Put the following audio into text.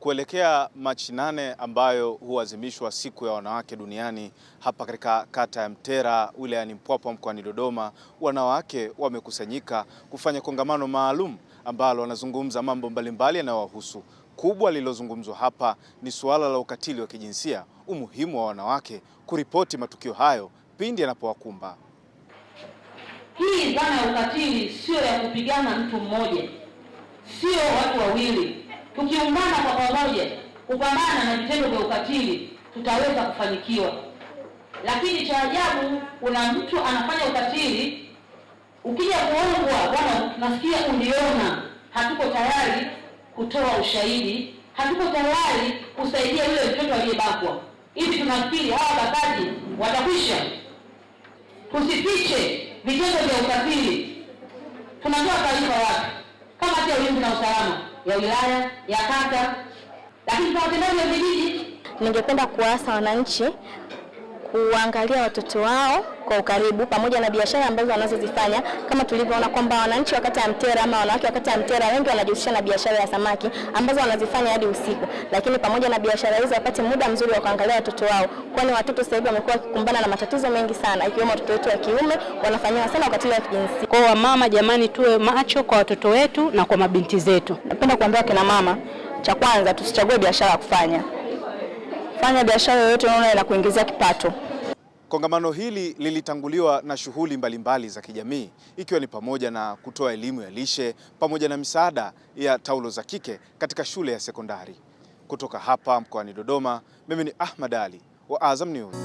Kuelekea Machi nane ambayo huazimishwa siku ya wanawake duniani, hapa katika kata ya Mtera wilayani Mpwapwa mkoani Dodoma, wanawake wamekusanyika kufanya kongamano maalum ambalo wanazungumza mambo mbalimbali yanayowahusu. Kubwa lililozungumzwa hapa ni suala la ukatili wa kijinsia, umuhimu wa wanawake kuripoti matukio hayo pindi yanapowakumba. Hii dhana ya ukatili sio ya kupigana mtu mmoja, sio watu wawili. Tukiungana kwa pamoja kupambana na vitendo vya ukatili, tutaweza kufanikiwa. Lakini cha ajabu, kuna mtu anafanya ukatili, ukija kuongwa, bwana, nasikia uliona, hatuko tayari kutoa ushahidi, hatuko tayari kusaidia yule mtoto aliyebakwa. Hivi tunafikiri hawa bakaji watakwisha? Tusifiche vitendo vya usafiri tunatoa taarifa wapi? Kama sio ulinzi na usalama ya wilaya ya kata, lakini kwa watendaji wa vijiji, ningependa kuwaasa wananchi kuangalia watoto wao kwa ukaribu, pamoja na biashara ambazo wanazozifanya kama tulivyoona kwamba wananchi wakati ya Mtera ama wanawake wakati ya Mtera wengi wanajihusisha na biashara ya samaki ambazo wanazifanya hadi usiku, lakini pamoja na biashara hizo wapate muda mzuri wa kuangalia watoto wao, kwani watoto sasa hivi wamekuwa wakikumbana na matatizo mengi sana, ikiwemo watoto wetu wa kiume wanafanyiwa sana ukatili wa kijinsia. Kwa wamama, jamani, tuwe macho kwa watoto wetu na kwa mabinti zetu. Napenda kuambia kina mama, cha kwanza tusichague biashara ya kufanya, fanya biashara yoyote unaona inakuingizia kipato. Kongamano hili lilitanguliwa na shughuli mbalimbali za kijamii ikiwa ni pamoja na kutoa elimu ya lishe pamoja na misaada ya taulo za kike katika shule ya sekondari. Kutoka hapa mkoani Dodoma, mimi ni Ahmad Ali wa Azam News.